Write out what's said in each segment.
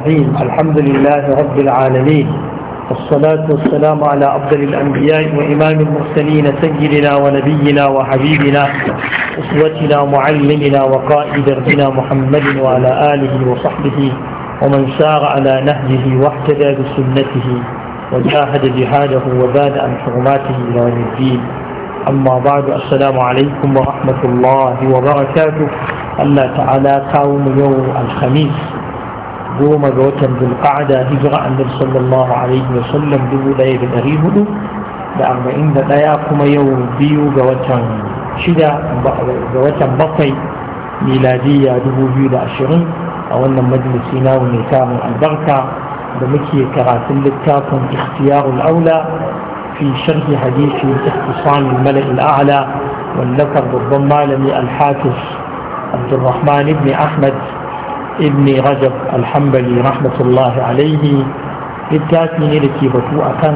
الرحيم الحمد لله رب العالمين والصلاة والسلام على أفضل الأنبياء وإمام المرسلين سيدنا ونبينا وحبيبنا أسوتنا معلمنا وقائد ربنا محمد وعلى آله وصحبه ومن سار على نهجه واهتدى بسنته وجاهد جهاده وباد عن حرماته إلى يوم الدين أما بعد السلام عليكم ورحمة الله وبركاته الله تعالى قوم يوم الخميس goma ga watan dulƙa'ada hijira annabi sallallahu alaihi wa sallam dubu ɗaya da ɗari hudu da arba'in da ɗaya kuma yau biyu ga watan shida ga watan bakwai miladiyya dubu biyu da ashirin a wannan majalisi na mai samun albarka da muke karatun littafin ikhtiyarul aula fi sharhi hadisi ikhtisami mala'il a'la wallakar babban malami alhafis abdulrahman ibni بن ibn rajab alhambali rahmatullahi alaihi littafi ne da ke batu a kan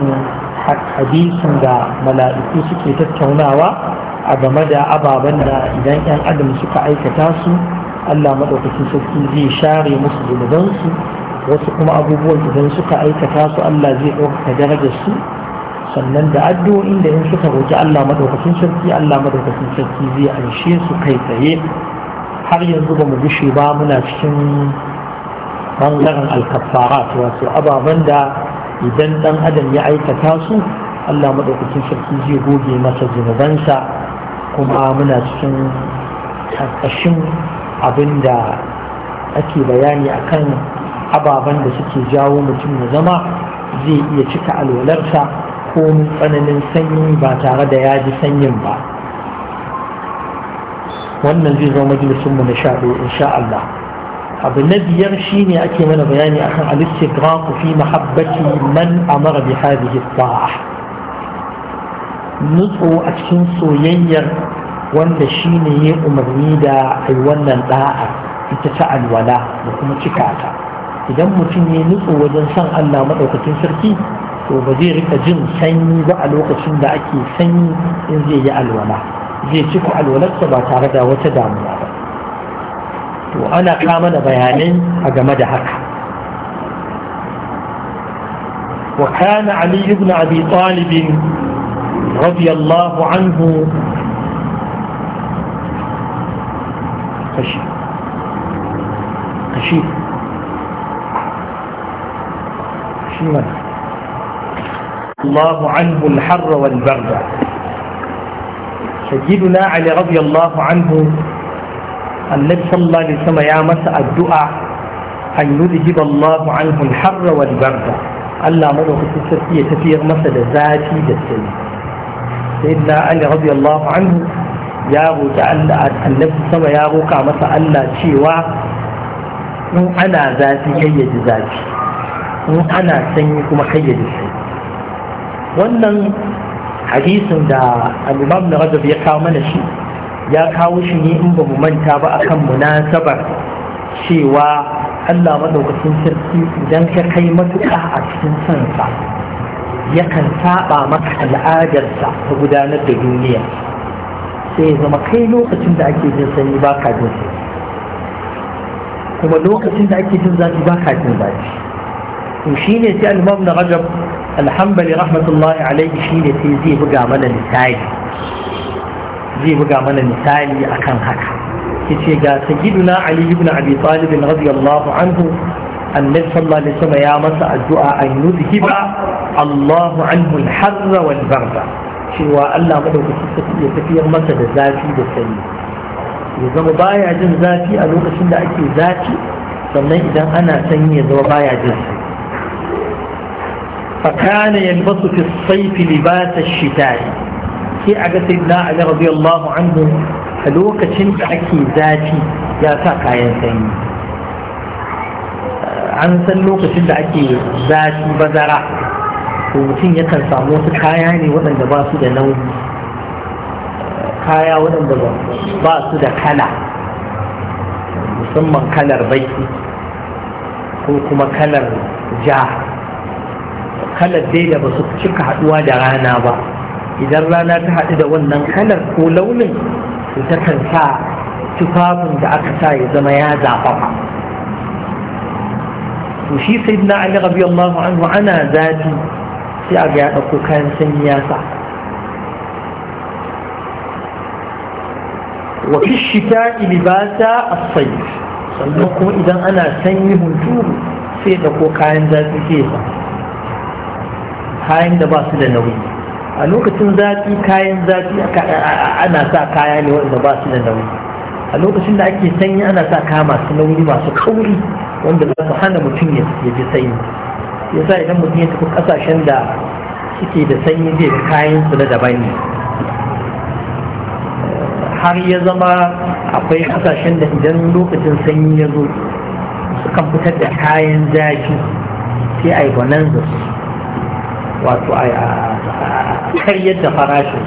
hadisin da mala'iku suke tattaunawa a game da ababen da idan 'yan adam suka aikata su allah maɗaukacin sarki zai share musu zunubansu wasu kuma abubuwan idan suka aikata su allah zai ɗaukaka darajar su sannan da addu'o'in da in suka roƙi allah maɗaukacin sarki allah maɗaukacin sarki zai anshe su kai tsaye har yanzu ba mu gushe ba muna cikin bangaren alkafarat wato ababen da idan ɗan adam ya aikata su Allah maɗaukacin sarki zai goge masa zunubansa kuma muna cikin ƙarƙashin abin da ake bayani akan ababen da suke jawo mutum ya zama zai iya cika alwalarsa ko tsananin sanyi ba tare da ya ji sanyin ba wannan zai zama majalisun mu na sha biyu insha Allah abu na biyar shine ake mana bayani akan al-istigraq fi mahabbati man amara bi hadhihi as nutsu a cikin soyayyar wanda shine ya umarni da ai wannan da'a ita ta alwala da kuma cika ta idan mutum ya nutsu wajen san Allah madaukakin sarki to ba zai rika jin sanyi ba a lokacin da ake sanyi in zai yi alwala zai cika alwalarsa ba tare da wata damuwa ba to ana kama da bayanai a game da haka وكان علي بن أبي طالب رضي الله عنه خشيف خشيف الله عنه الحر والبرد sayyiduna Ali radiyallahu anhu ya masa addu'a an yudhib Allahu anhu tafiyar masa da zafi da sanyi sayyiduna Ali radiyallahu ya roƙi masa Allah cewa ana zafi kai ana sanyi kuma kai wannan hadisin da al'umam na rajab ya kawo mana shi ya kawo shi ne in ba mu manta ba akan munasabar cewa allah maɗaukacin sarki idan ka kai matuƙa a cikin sansa yakan saba maka al'adarsa ta gudanar da duniya sai ya zama kai lokacin da ake jin sanyi ba ka jin kuma lokacin da ake jin zafi ba ka jin zafi to shine sai al'umam na rajab alhambali rahmatullahi alaihi sai zai buga mana misali zai buga mana misali akan haka yace ga sayyiduna ali ibn abi talib radiyallahu anhu annabi sallallahu alaihi wasallam ya masa addu'a an yuzhiba Allahu anhu al-harra wal barda cewa Allah madaukakin sarki ya tafiyar masa da zafi da sanyi ya zama baya jin zafi a lokacin da ake zafi sannan idan ana sanyi ya zama baya jin فكان يلبس في الصيف لباس الشتاء sai a ga sayyidina Ali radiyallahu anhu a lokacin da ake zafi ya sa kayan sanyi an san lokacin da ake zafi bazara to mutum yakan samu wasu kaya ne waɗanda ba su da nauyi kaya waɗanda ba su da kala musamman kalar baki ko kuma kalar ja kalar dai da ba su cika haduwa da rana ba idan rana ta haɗu da wannan kalar ko launin ta kan sa tufafin da aka sa ya zama ya zafafa to shi sai na ali rabiyallahu anhu ana zafi sai a ga ya ɗauko kayan sanyi ya sa wa fi shita libasa as-sayf sannan kuma idan ana sanyi hunturu sai da ko kayan zafi sai ya sa kayan da ba su da nauyi a lokacin zafi kayan zafi ana sa kaya ne wanda ba su da nauyi a lokacin da ake sanyi ana sa kaya masu nauyi masu kauri wanda za su hana mutum ya ji sanyi yasa idan mutum ya tafi kasashen da suke da sanyi zai ga kayan su na daban ne har ya zama akwai kasashen da idan lokacin sanyi ya zo sukan fitar da kayan zafi sai a yi bonanza su wato a karyar da farashin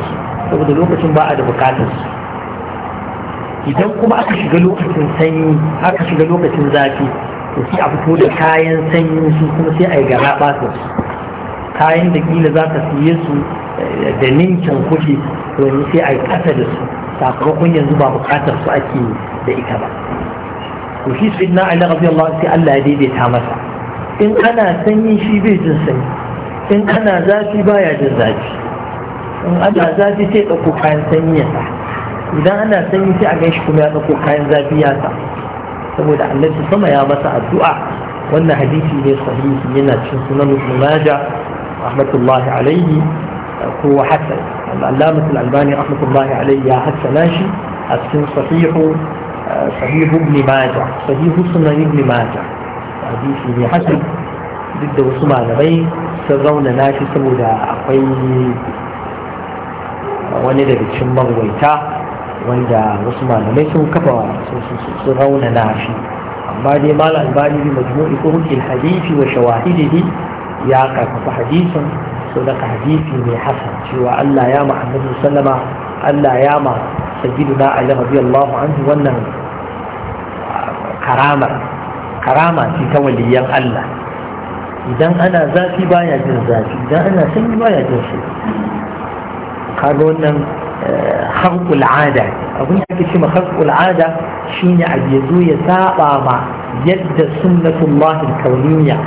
saboda lokacin ba a da bukatar su idan kuma aka shiga lokacin sanyi aka shiga lokacin zafi to sai a fito da kayan sanyi su kuma sai a yi gara su kayan da kila za ka siye su eh, da ninkin kuɗi domin sai a yi ƙasa da su sakamakon yanzu ba bukatar su ake da ita ba to shi sayyidina ali radiyallahu anhu sai Allah ya daidaita masa in ana sanyi shi bai jin sanyi in ana zafi baya jin zafi in ana zafi sai ɗauko kayan sanyi ya sa idan ana sanyi sai a ganshi kuma ya ɗauko kayan zafi ya sa saboda annabi sama ya masa addu'a wannan hadisi ne sahihi yana cikin sunan ibn majah rahmatullahi alaihi ko hasan al-allamah al-albani rahmatullahi alaihi ya hasana shi a cikin sahihu sahihu ibn majah sahihu sunan ibn majah hadisi ne hasan duk da wasu malamai sun raunana shi saboda akwai wani da bikin magwaita wanda wasu malamai sun kafa sun raunana shi amma dai mala albani bi majmu'i turuqil hadisi wa shawahidihi ya karfafa hadisin so daga hadisi mai hasan cewa Allah ya Muhammadu sallama Allah ya ma sayyiduna Ali radiyallahu anhu wannan karama karama ce ta waliyan Allah idan ana zafi baya jin zafi idan ana sanyi baya jin shi kaga wannan harkul ada abin da ake ce ma harkul ada shine abu ya zo ya saba ma yadda sunnatullahi kauniya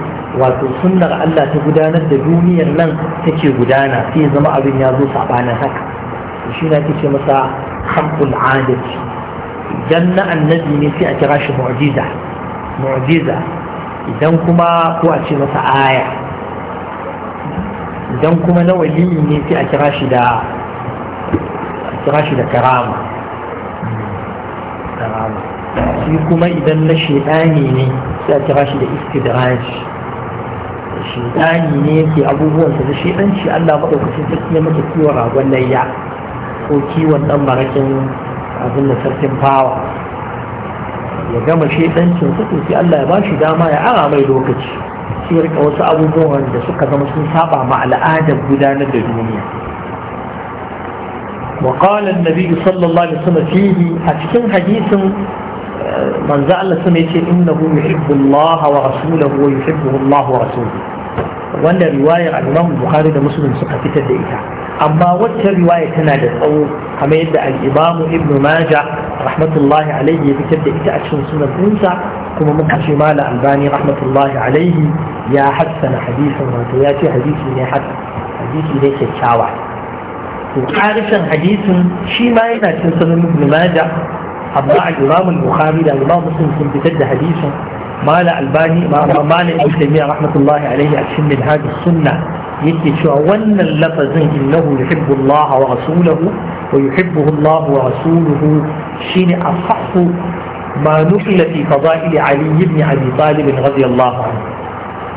wato sunnar Allah ta gudanar da duniyar nan take gudana sai zama abin ya zo sabanin haka shi na ce masa harkul ada idan na annabi ne sai a kira shi mu'jiza mu'jiza idan kuma ko a ce masa aya idan kuma na waliyi ne sai a kira shi da a kira shi da karama shi kuma idan na shaidani ne sai a kira shi da istidraji shaidani ne yake abubuwansa da shaidanci Allah maɗaukacin sarki ya masa kiwon ragon layya ko kiwon ɗan marakin abin da sarkin fawa ya gama shedancin su sai Allah ya ba shi dama ya ara mai lokaci sai rika wasu abubuwan da suka zama sun saba ma al'adar gudanar da duniya وقال النبي a cikin hadisin وسلم eh, ya ce, Inna من زعل سميت wa يحب الله ورسوله ويحبه wa rasuluhu. wanda riwayar al-Imam Bukhari da Muslim suka fitar da ita amma wacce riwaya tana da tsawo kamar yadda al-Imam Ibn Majah rahmatullahi alaihi ya fitar da ita a cikin sunan ɗinsa kuma muka ce mala albani rahmatullahi alaihi ya hassana hadisin wato ya ce hadisi ne hadisi ne kyakkyawa to karishin hadisin shi ma yana cikin sunan ibn majah amma al-imam al-bukhari da al-imam muslim sun fitar da hadisin mala albani mala ibn taymiya rahmatullahi alaihi a cikin minhaj sunna yake cewa wannan lafazin innahu yuhibbu Allah wa rasuluhu wa yuhibbuhu Allah wa rasuluhu shine asahhu ma nukila fi fada'il Ali ibn Abi Talib radiyallahu anhu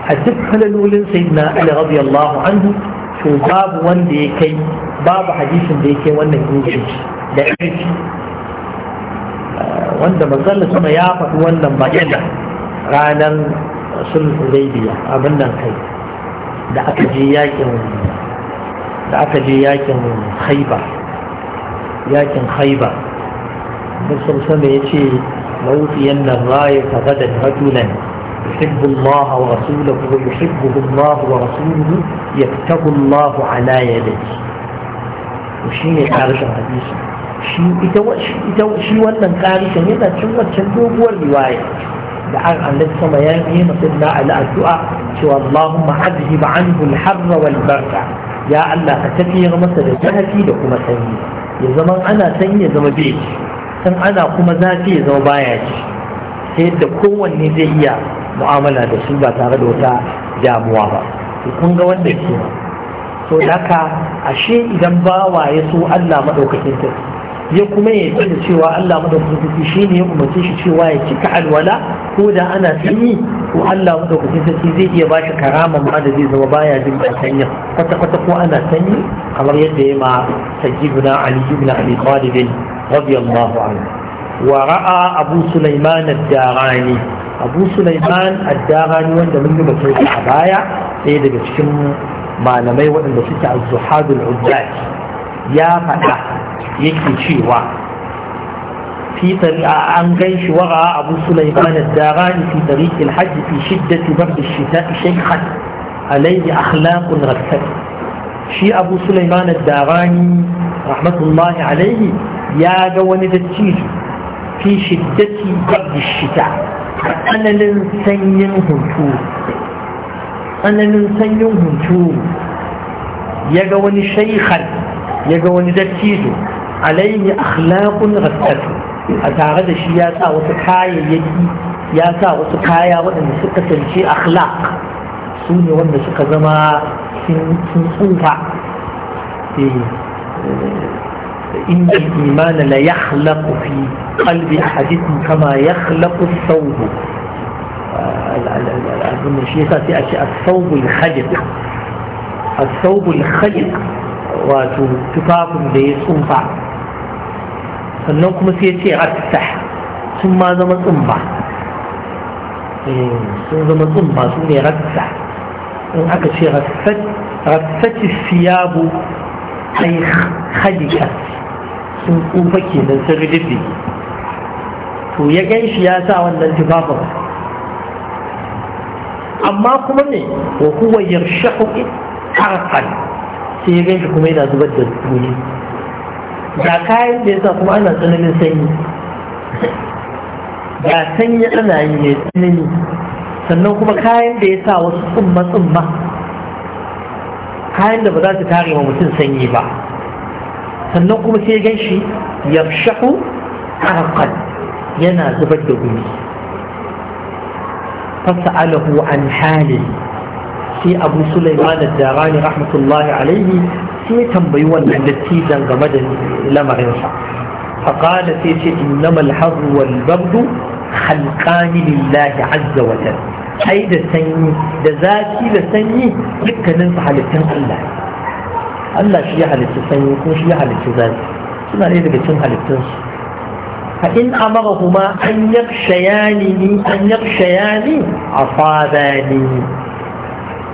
a duk halalolin sayyidina Ali radiyallahu anhu to babu wanda ya kai babu hadisin da ya kai wannan inganci da inganci eh, wanda manzon sama ya faɗi wannan bayyana ranar sulhul hudaybiya abin nan kai da aka je yakin haiba yakin haiba musul sama ya ce mawufiyan nan raya ta gada rajulan يحب الله ورسوله ويحبه الله ورسوله ala الله على يده وشين يعرف الحديث شي ita wannan karishin yana cin wancan doguwar riwaya da an sama ya yi mutum na ala addu'a cewa Allahumma azhib anhu al-harra wal ya Allah ka tafiyar masa da zafi da kuma sanyi ya zama ana sanyi ya zama bai ci san ana kuma zafi ya zama baya ci Sai yadda kowanne zai iya mu'amala da su ba tare da wata damuwa ba kun ga wanda ke so da ashe idan bawa ya so Allah madaukakin sarki ya kuma ya da cewa Allah madaukakin shi ne ya umarce shi cewa ya cika alwala ko da ana sanyi ko Allah madaukakin sarki zai iya ba shi karama ma da zai zama baya jin ba sanyi kwata kwata ko ana sanyi kamar yadda ya ma sajibuna Ali ibn Abi Talib radiyallahu anhu wa ra'a Abu Sulaiman ad-Darani Abu Sulaiman ad-Darani wanda mun yi batun a baya ɗaya daga cikin malamai waɗanda suke az-zuhadul ya faɗa yake cewa an gan shi wa abu sulaiman al-dagani fi tariq al-hajj fi shiddati bard al shita shaykhan alayhi akhlaq al rakkab shi abu sulaiman al-dagani rahmatullah alayhi ya ga wani dacci fi shiddati bard al shita annalin sanyin hunturu annalin sanyin hunturu ya ga wani shaykhan ya ga wani dacci عليه أخلاق خ ل ا ق غثته أ ت ع ر الشيء ياسى وسكايا يدي ياسى وسكايا وان سكت الشيء أ سوني وان س ك ز سن صوفا ان الإيمان ل إ ليخلق في قلب أ ح د ك م كما يخلق الثوب الثوب الخلق الثوب الخلق وتفاق به صوفا sannan kuma sai ce rattah sun ma zama tsumba eh, sun zama tsumba su ne rattah in aka ce rattaki siyabu ai hajjika sun ke nan sun rididdi to ya gan shi ya sa wannan tufafin amma kuma ne wa kuwa yarshahu harfan sai ya gan shi kuma yana zubar da duniya ga kayan da ya sa kuma ana tsananin sanyi ga sanyi ana yi mai tsanani sannan kuma kayan da ya sa wasu tsumma-tsumma kayan da ba za su kare wa mutum sanyi ba sannan kuma sai gan shi ya shahu arqan yana zubar da gumi fasa'alahu an hali sai abu sulaiman da jarani rahmatullahi alaihi sai tambayi wannan dattijan game da lamarinsa faƙala sai ce innamal hazu wal babdu halqani lillahi azza wa jal ai da sanyi da zafi da sanyi dukkanin halittun Allah ya halitta sanyi ko shi ya halitta zafi suna ne daga halittunsu an an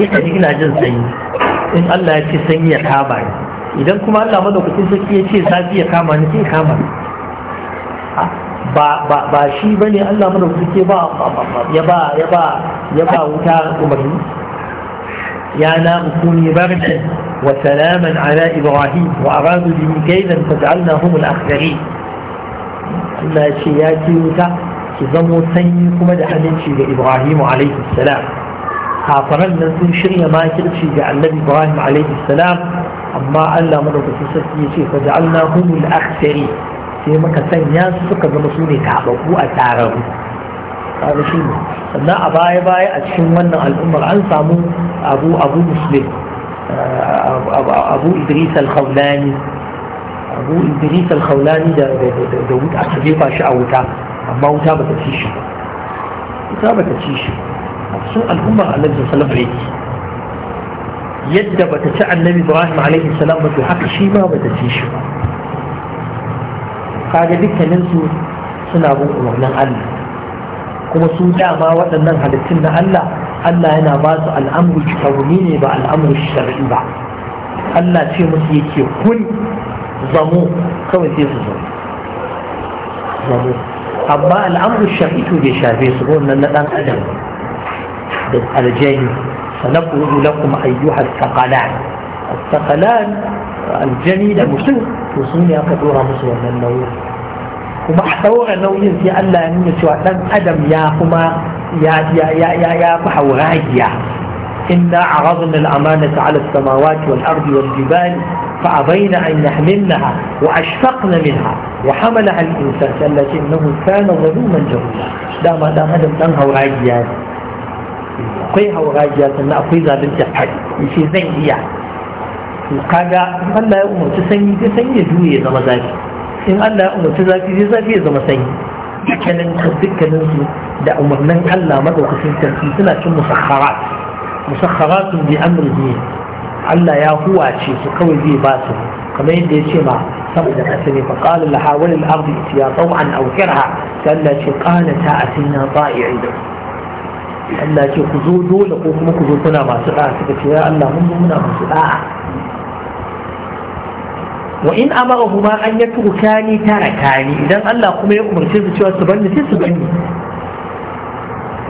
sai ka ji ina jin sanyi in Allah ya ce sanyi ya kama ni idan kuma Allah kuɗin sarki ya ce safi ya kama ni sai kama ni ah, ba ba ba shi bane Allah madaukakin ke ba ya ba ya ba ya ba wuta umarni ya na kuni bardan wa salaman ala ibrahim wa aradu bi kaidan faj'alnahum al-akhsarin Allah ya ce ya ce wuta ki zamo sanyi kuma da aminci ga Ibrahim alaihi salam kafaran nan sun shirya makirci ga annabi ibrahim alaihi salam amma allah madaukakin sarki ya ce faja'alna humul akhsari sai maka sanya su suka zama su ne tababbu a tararu Kada shi ne sannan a baya baya a cikin wannan al'ummar an samu abu abu muslim eh, abu idris al-khawlani abu idris al-khawlani da wuta aka jefa shi a wuta amma wuta ba ta ci shi wuta ba ta ci shi a cikin al'ummar annabi sallallahu alaihi wasallam yadda bata ci annabi ibrahim alaihi salam ba to haka shi ma bata ci shi ba kaga dukkanin su suna bin umarnin Allah kuma su dama waɗannan halittun na Allah Allah yana ba su al'amru kauni ne ba al'amru shar'i ba Allah ce musu yake kun zamo kawai sai su zamo zamo amma al'amru shar'i to bai shafe su wannan na ɗan adam عهد الخرجين سنقول لكم أ ي ه ا الثقلان الثقلان الجميل مسلم يصوم يا كثير مسلم من النووي كما احتوغ النووي في ان لا ينسوا ان ادم يا هما يا يا يا يا يا محو غاية إنا عرضنا الأمانة على السماوات والأرض والجبال فأبينا أن نحملنها وأشفقنا منها وحملها الإنسان التي إنه كان ظلوما جهولا دام دام دام دام هوراجيات akwai hauragiya sannan akwai zalunci hari yace zan iya kaga in Allah ya umarci sanyi sai sanyi ya juye ya zama zafi in Allah ya umarci zafi sai zafi ya zama sanyi dukkanin dukkanin su da umarnin Allah madaukakin sarki suna cin musakharat musakharatun bi amrihi Allah ya huwace su kawai zai ba su kamar yadda ya ce ma saboda kasani fa qala laha wal ardi ya taw'an aw karha sai Allah ce qala ta atina ta'i'in Allah ce ku zo dole ko kuma ku zo kuna masu da'a suka ce ya Allah mun muna masu da'a wa in an idan Allah kuma ya umarce su cewa su banni sai su banni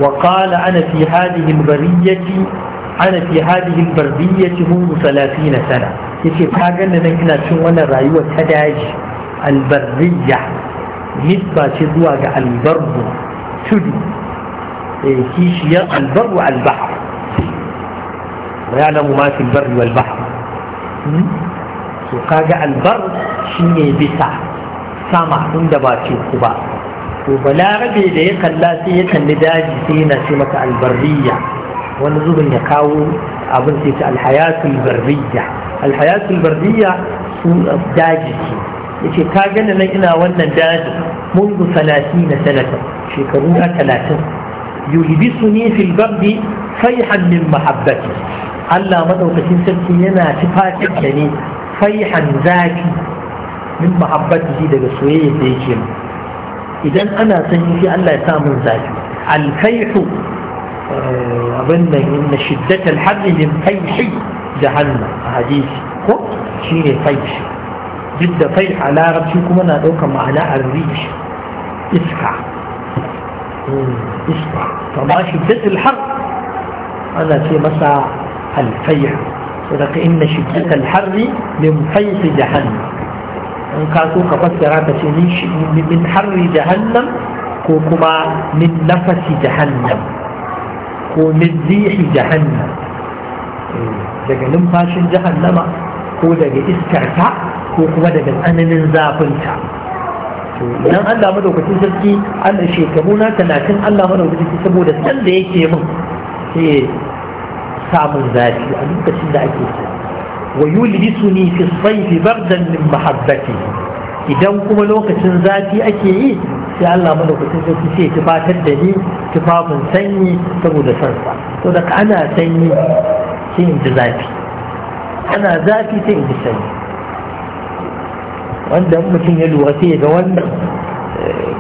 wa qala ana fi hadhihi ana fi hadhihi 30 sana yace ka ganna nan ina cin wannan rayuwar ta daji albariya barriya nisba ce zuwa ga al tudu kishiyar albar wa albahar wa ma fil barri to kaga albar bita, bisa sama inda ba teku ba to balarabe da ya kalla sai ya kalli daji sai yana ce mata albarriya wani zubin ya kawo abin sai ta alhayatul barriya alhayatul barriya daji yace kaga na nan ina wannan daji منذ ثلاثين سنة شكرنا ثلاثين يلبسني في البرد فيحا من محبتي الله مدوكتين سلسي ينا تفاكك يعني فيحا ذاكي من محبتي دي دي سوية دي جيم إذن أنا سنجي الله يتامن ذاكي الفيح آه، أظن إن شدة الحر من فيح جهنم حديث هو شيء فيح جد فيح على ربشكم أنا دوك معنى الريش اسكع اسكع kama shiddat alhar ana ce masa alfayar saboda inna shiddat alhari min faysi jahannam in ka so ka fassara ka ce min harri jahannam ko kuma min nafasi jahannam ko min zihi jahannam eh, daga numfashin jahannama ko daga iskarta ko kuma daga tsananin zafinta idan Allah madaukakin sarki Allah shekaru na talatin Allah madaukakin saboda san da yake min sai samun zafi a lokacin da ake so wa yulisuni fi sayfi bardan min mahabbati idan kuma lokacin zafi ake yi sai Allah madaukakin sarki sai ya tufatar da ni tufafin sanyi saboda san sa saboda ana sanyi sai in ji zafi ana zafi sai in ji sanyi wanda mutum ya lura sai ga wannan eh,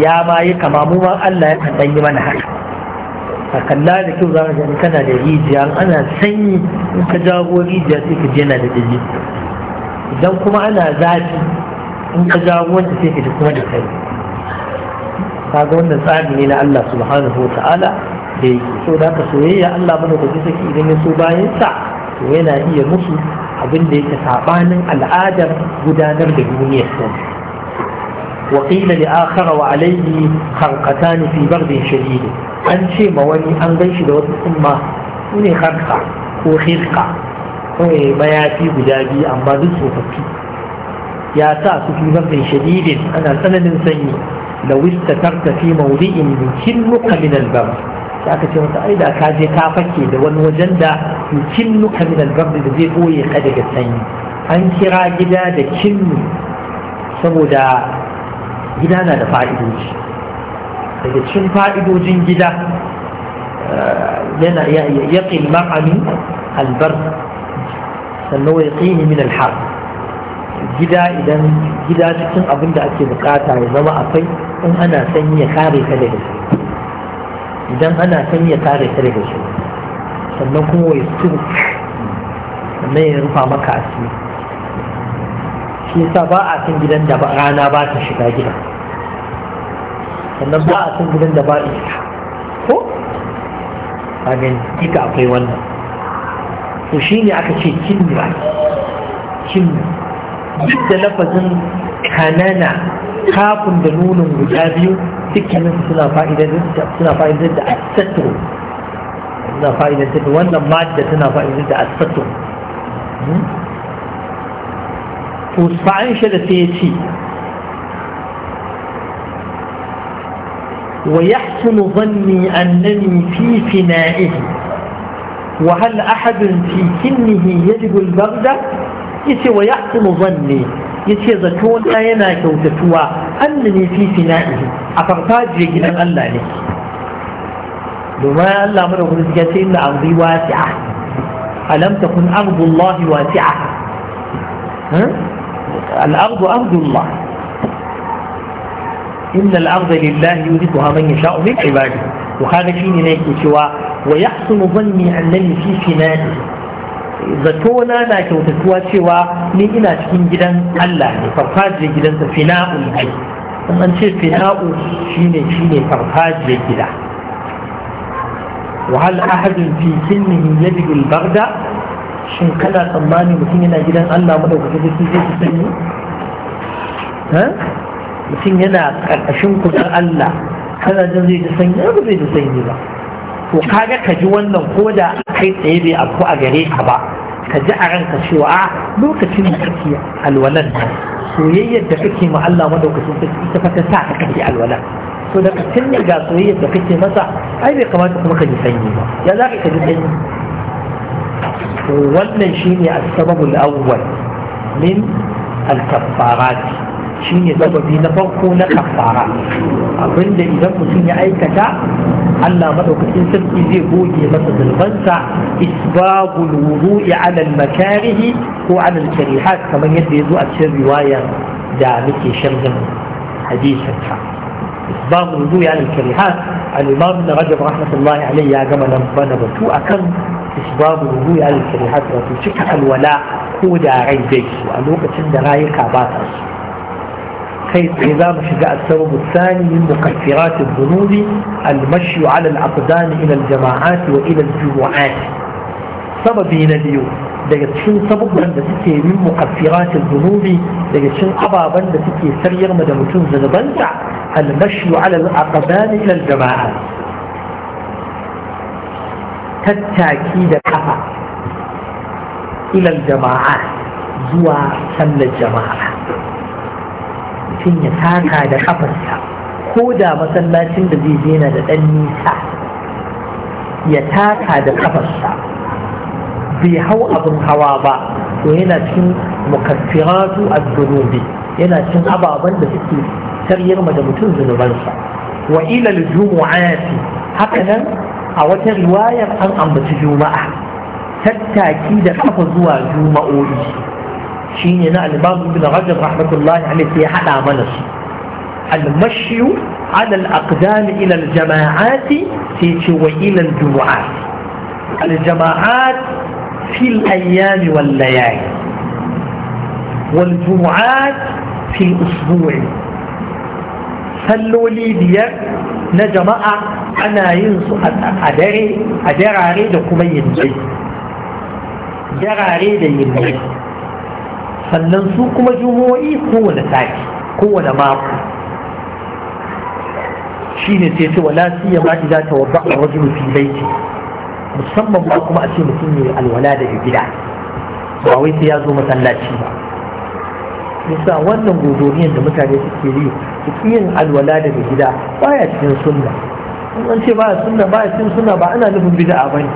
ya ma yi kama mu ma Allah ya kan yi mana haka a kalla da kyau za ka gani kana da rijiya ana sanyi in ka jago rijiya sai ka je na da dalili idan kuma ana zafi in ka jago wanda sai ka ji kuma da kai kaga wannan tsari ne na Allah subhanahu wa ta'ala da yake so da ka soyayya Allah mana da saki idan ya so bayan sa to yana iya musu abin da yake saɓanin al'adar gudanar da duniyar sun wakila da akara wa alayhi harkata ne fi bardin shahidu an ce ma wani an gan shi da wasu kuma su harka ko hirka ko mayafi guda biyu amma duk tsofaffi ya sa su fi bardin shahidu ana tsananin sanyi da wista tarta fi maudi'in mukin muka sai aka ce masa ai ka je ka fake da wani wajen da kinnu ka min albardi da zai boye ka daga sanyi an kira gida da kinnu saboda gida na da fa'idoji daga cikin fa'idojin gida eh, yana yaqil ma'ani albar sannan wa yaqini min alhar gida idan gida cikin abin da ake bukata ya zama akwai in ana sanyi ya kare ka daga sanyi idan ana san ya tare ta daga shi sannan kuma ya su sannan ya rufa maka asiri shi yasa ba a cin gidan da rana ba ta shiga gida sannan ba a cin gidan da ba iska ko a gani duka akwai wannan to shi ne aka ce kinna kinna duk da lafazin kanana kafin da nunin guda biyu تكلم سنا فائدة زد سنا فائدة زد أستر سنا فائدة زد وانا مادة سنا فائدة زد أستر وصفعين شد سيتي ويحسن ظني أنني في فنائه وهل أحد في كنه يجب البغدة يسي ويحسن ظني يسي زكون آينا كوتتوا annani fi fina'ihi a farfajiyar gidan Allah ne domin Allah mana kuma suke ce inna arzi wasi'a alam takun ardullahi wasi'a al-ardu ardullah inna al-arda lillahi yurithuha man yasha'u min ibadihi وهذا شيء نيكي سوى ويحسن ظني أنني في فنائه zato na na kyautatuwa cewa ni ina cikin gidan Allah ne farfajiyar gidansa fina'ul ai in an ce fina'u shi ne farfajiyar gida wahal ahadin fi sinnihi yadda barda shin kana tsammani mutum yana gidan Allah madaukakin da zai fi sani? mutum yana ƙarƙashin kudin Allah kana jin zai ta sanyi ba zai ta sanyi ba to kaga ka ji wannan ko da kai tsaye bai afku a gare ka ba ka ji a ranka cewa a ah, lokacin da kake alwalan nan soyayyar da kake ma Allah madaukakin sarki ita fa ta sa ka kake alwalan to da ka tun ga soyayyar da kake masa ai bai kamata kuma ka ji sanyi ba ya za ka ji sanyi wannan shine as-sababul awwal min al-kaffarati shine sababi na farko na kafara abinda idan mutum ya aikata Allah madaukakin sarki zai goge masa zulbansa isbagul wudu'i ala makarihi ko ala karihat kamar yadda ya zo a cikin riwayar da muke sharhin hadisin ta isbagul wudu'i ala karihat al-imam ibn rajab rahmatullahi alayhi ya gama nan bana batu akan isbagul wudu'i ala karihat wato cika alwala ko da rai dai a lokacin da rayuka ba ta su خير إذا مش جاء الثوب الثاني من مكفرات الذنوب المشي على الأقدام إلى الجماعات وإلى الجمعات سبب هنا ليو لقد شن سبب من بسكي من مكفرات الذنوب لقد شن أبا بن بسكي سرير مدام تنزل بنزع المشي على الأقدام إلى الجماعات تتاكيد كفا إلى الجماعات زوا سن الجماعات mutum ya taka da kafarsa ko da masallacin da zai je da ɗan nisa ya taka da kafarsa bai hau abin hawa ba to yana cin mukaffiratu a zunubi yana cin ababen da suke sarriyar da mutum zunubansa wa ila al-jumu'ati haka nan a wata riwayar an ambaci juma'a tattaki da kafa zuwa juma'o'i شيني نعم الإمام ابن رجل رحمة الله عليه في حدا منس المشي على الأقدام إلى الجماعات في وإلى الجمعات الجماعات في الأيام والليالي والجمعات في الأسبوع صلوا لي بير نجمع أنا ينصح أدري أدري أريد كمين جد أدري أريد يمين sannan su kuma jumawa'i kowane sati kowane mako shi ne sai ce wala siya ma idan ta wabba a wajen fi baiti musamman ba kuma a ce mutum ne alwala da gida ba wai sai ya zo masallaci ba yasa wannan godoniyar da mutane suke yi su yin alwala daga gida baya cikin sunna in an ce baya sunna baya cikin sunna ba ana nufin bid'a bane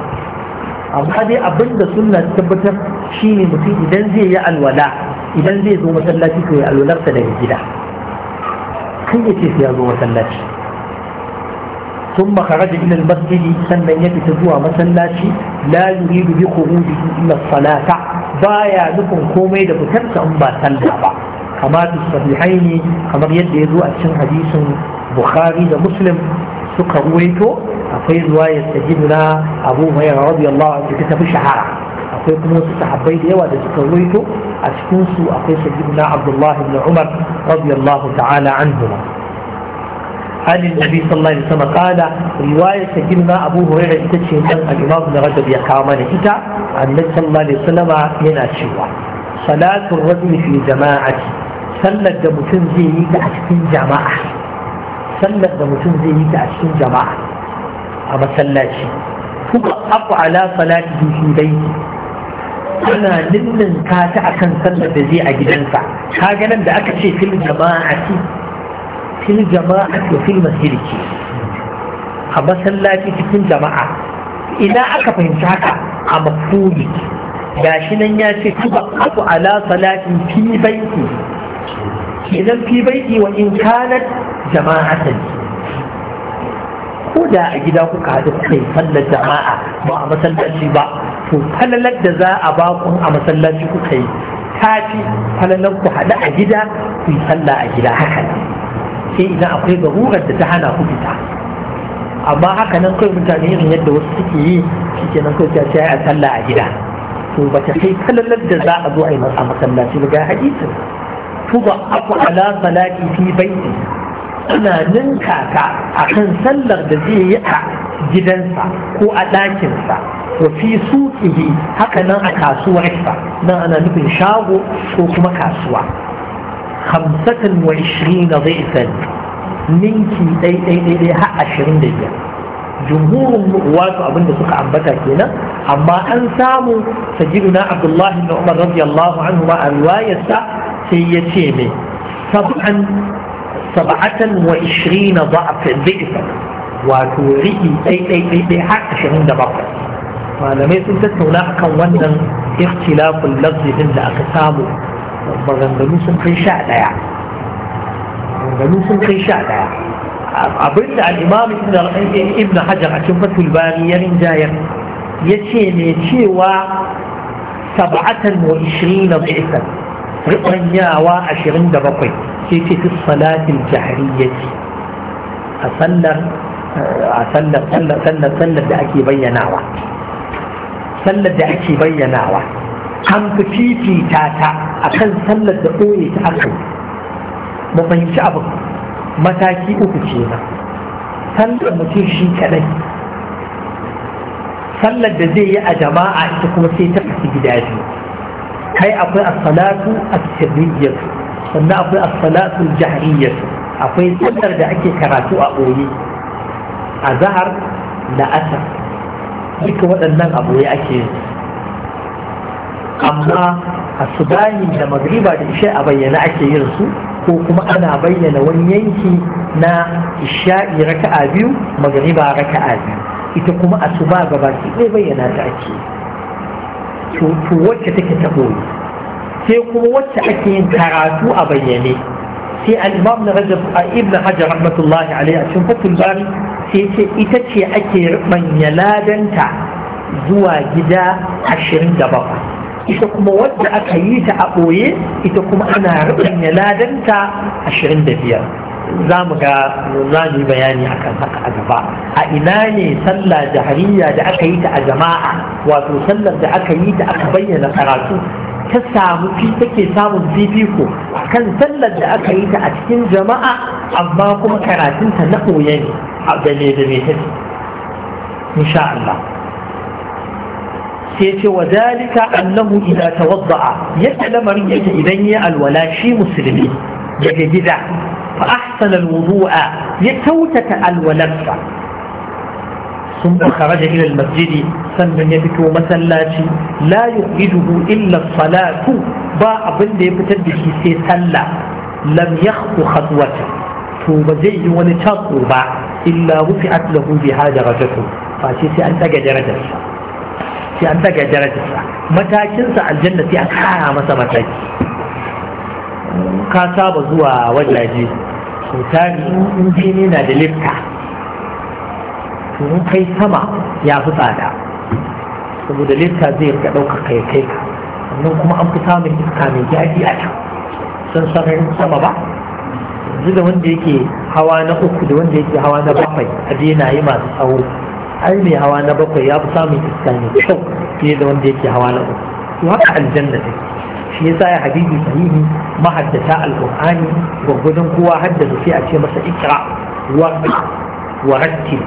amma abinda abin suna tabbatar shi ne mutum idan zai yi alwala idan zai zo masallaci ko ya alwalarsa daga gida kan ya ce ya zo masallaci sun makara da ginin sannan ya fita zuwa masallaci la yuri da bi ko hudu illa ba ya nufin komai da fitar ta ba talla ba kama su sabihai ne kamar yadda ya zo a cikin hadisin bukhari da muslim suka ruwaito akwai ruwayar sajiduna abu hurairah radiyallahu anhu ta tafi shahara akwai kuma wasu sahabbai da yawa da suka ruwaito a cikin su akwai sajiduna abdullah ibn umar radiyallahu ta'ala anhuma عن النبي صلى الله عليه وسلم قال رواية سجلنا أبو هريرة تتشهد الإمام ابن رجب يقامن إتا عن النبي صلى الله عليه وسلم يناشيوا صلاة الرجل في جماعة sallar da mutum zai yi ta a cikin jama'a sallar da mutum zai yi ta a cikin jama'a a masallaci kuma abu ala salati fi baiti ana ninnin ka a kan sallar da zai a gidansa ka ganin da aka ce fil jama'ati fil jama'ati wa fil masjidi ce a masallaci cikin jama'a ina aka fahimci haka a mafuli gashi nan ya ce kuma abu ala salati fi baiti idan fi baiti wa in kanat jama'atan ko da a gida kuka haɗu kuka yi sallar jama'a ba a masallaci ba to falalar da za a ba ku a masallaci kuka yi tafi falalar ku haɗu a gida ku yi sallah a gida haka sai idan akwai garurar da ta hana ku fita amma haka nan kai mutane irin yadda wasu suke yi shi ke nan kawai ta a sallah a gida to ba ta kai falalar da za a zo a yi a masallaci ba ga hadisin tuba aku ala salati fi baiti ana ninka a kan sallar da zai yi a gidansa ko a ɗakinsa wa fi suƙihi haka nan a sa nan ana nufin shago ko kuma kasuwa hamsatan wa ishirin na zai isa ninki ɗai har ashirin da biyar jumhurin wasu abinda suka ambata kenan amma an samu sajiduna abdullahi na umar radiyallahu anhu ma a riwayarsa sai ya ce ne sab'an سبعة وعشرين ضعف ضعفا وتوري اي اي اي اي حق شهين دبقى وانا ما يسلتك هناك وانا اختلاف اللفظ عند اقسامه بغن دلوس القيشاء دا يعني دلوس القيشاء دا يعني. أبدا الإمام ابن حجر أشوف الباني يعني من جاية يشي يشي و سبعة وعشرين ضعفا رؤيا وعشرين دبقين sai ce fi salatin jahriyyaci a sallar a sallar sallar sallar sallar da ake bayyanawa sallar da ake bayyanawa an fi fifita ta akan sallar da ɓoye ta aka mu fahimci abu mataki uku ce na sallar mutum shi kadai sallar da zai yi a jama'a ita kuma sai ta fi gida biyu kai akwai as-salatu as-sirriyyah sannan akwai as-salatu akwai sallar da ake karatu a boye azhar da asar duka waɗannan a ɓoye ake yin amma asubahi da magriba da isha a bayyana ake yin su ko kuma ana bayyana wani yanki na isha'i raka'a biyu magriba raka'a biyu ita kuma asuba gaba ɗaya bayyana ta ake to wacce take ta ɓoye. sai kuma wacce ake yin karatu a bayyane sai al-imam na rajab a ibn hajar rahmatullahi alaihi a cikin fatul bari sai ce ita ce ake manya ladanta zuwa gida ashirin da bakwai ita kuma wadda aka yi ta a ɓoye ita kuma ana manya ladanta ashirin da biyar za mu ga za mu yi bayani akan haka a gaba a ina ne sallah jahariya da aka yi ta a jama'a wato sallar da aka yi ta aka bayyana karatu ta samu fi take samun fifiko kan sallar da aka yi ta a cikin jama'a amma kuma karatunta na koya ne a dame da mai insha Allah sai ce wa dalika annahu idan tawadda'a yadda lamarin yake idan ya alwala shi musulmi daga gida fa ahsana alwudu'a ya kyautata alwalarsa sun ɗaukara shi ilil masjidi sannan ya fito masallaci la yu'iduhu illa salatu ba abinda ya fitar da shi sai sallah lam yakhu khatwata to ba zai yi wani tako ba illa rufi'at lahu biha darajatu fa shi sai an sai an daga darajar sa aljanna sai an kara masa mataki ka saba zuwa wajaje to tani in na da lifta domin kai sama ya fi tsada saboda lifta zai rika ɗaukar kai kai ka sannan kuma an fi samun iska mai daɗi a can san sararin sama ba yanzu da wanda yake hawa na uku da wanda yake hawa na bakwai a na yi masu tsawo ai mai hawa na bakwai ya fi samun iska mai kyau fiye da wanda yake hawa na uku to haka aljanna take shi yasa ya habibi sahihi mahaddata al alqur'ani gwagwadon kowa haddasa sai a ce masa ikra wa wa rattil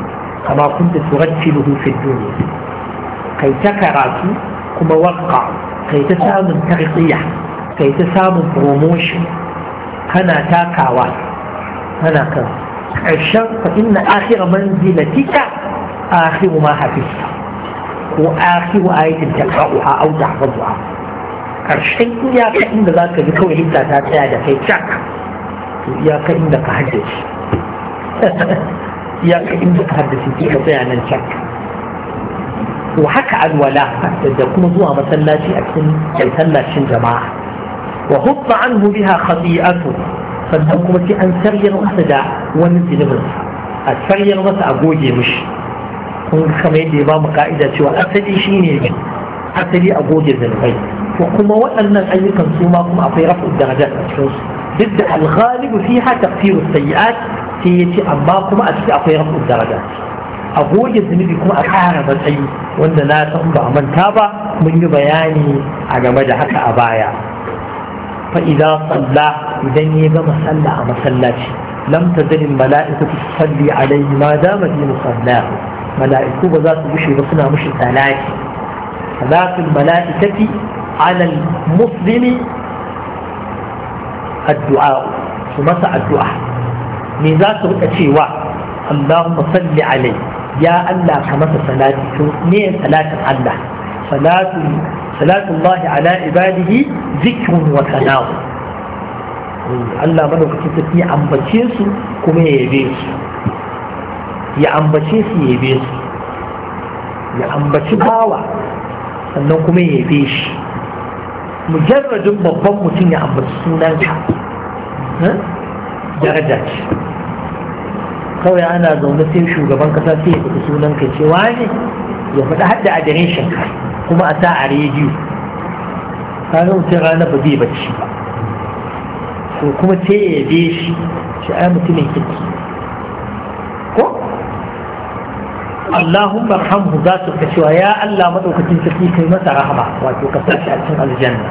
kama kunta turattiluhu fi dunya kai ta karatu kuma waqqa kai ta samun tarqiya kai ta samun promotion kana takawa kana kan ƙarshen fa inna akhir manzilatika akhir ma hafizta ko akhir ayatin taqra'uha aw tahfazuha ƙarshen iyaka inda zaka ji kawai litta ta tsaya da kai cak to inda ka haddace iyaka inda ka haddace sai ka tsaya nan can وحكى الولاء تدكمزوها مسلاتي أكن يسلاتين جماعة وهب عنه بها خطيئته فالدكمة أن سرير أسدا ونزل منها السرير مسا أبوجي مش كون كما يدي إمام قائدة شوى أسدي شيني أسدي أبوجي ذنبي وكما وأن أيضا سوما كما أطيرف الدرجات أشخص ضد الغالب فيها تقصير السيئات sai ya ce amma kuma a ciki akwai rabu daraja a goge zunubi kuma a kara matsayi wanda na san ba manta ba mun yi bayani a game da haka a baya fa idan salla idan ya gama sallah a masallaci lam tazalil mala'ikatu tusalli alayhi ma dama fi musallahu mala'iku ba za su bushe ba suna mushi salati salatul mala'ikati ala muslimi addu'a su masa addu'a me za su rika cewa Allahumma salli alai ya Allah ka masa salati to ne salatin Allah salatu salatu Allah ala ibadihi zikrun wa sana'u Allah madaukakin sarki ya ambace su kuma ya yabe su ya ambace su ya yabe su ya ambaci bawa sannan kuma ya yabe shi mujarradin babban mutum ya ambaci sunanka hmm? daraja kawai ana zaune sai shugaban kasa sai ya faɗi sunan ka cewa ne ya faɗi hadda adireshin ka kuma a sa a rediyo ta kaga sai rana ba zai bacci ba ko kuma sai ya yabe shi shi a mutumin kirki ko Allahun za su ka cewa ya اللهم ارحمه ذات الكشوى يا الله مدوكتين تكيك مسا رحمة وتوكتاش أتن الجنة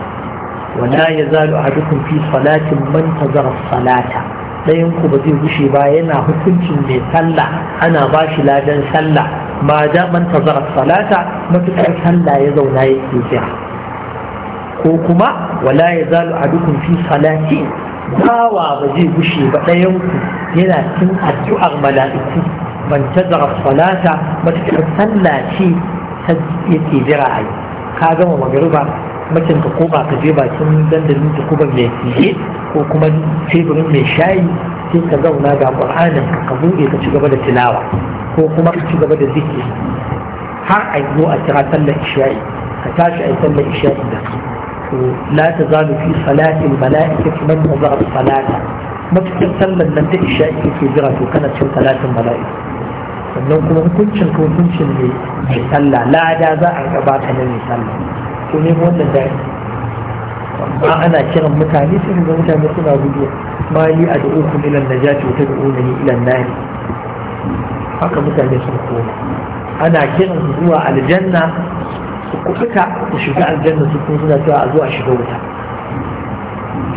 ولا يزال أحدكم fi salatin من تزر salata ɗayan ku ba zai gushe ba yana hukuncin mai sallah ana ba shi ladan sallah ma da man tazara salata sallah ya zauna yake jira ko kuma wala ya zalu adukum fi salati bawa ba zai gushe ba ɗayan ku yana cin addu'ar mala'iku ban tazara salata matuƙar sallah ce yake jira a yi ka gama magariba makin ka ko ba ka je bakin dandalin tukuban mai fiye ko kuma teburin mai shayi sai ka zauna ga ƙur'anin ka buɗe ka ci gaba da tilawa ko kuma ka ci gaba da zikiri har a zo a kira sallar isha'i ka tashi a yi sallar isha'i da to la ta zalu fi salati mala'ikati man nazara salata matukin sallar nan ta isha'i kake jira to kana cin salatin mala'ika sannan kuma hukuncin ka hukuncin ne mai sallah lada za a ka na mai sallah ko ne wannan dai amma ana kiran mutane sai ga mutane suna gudu mali a da uku milan na jati wata da unani ilan nani haka mutane sun koma ana kiran zuwa aljanna su kuɓuta su shiga aljanna su kuma suna cewa a zuwa shiga wuta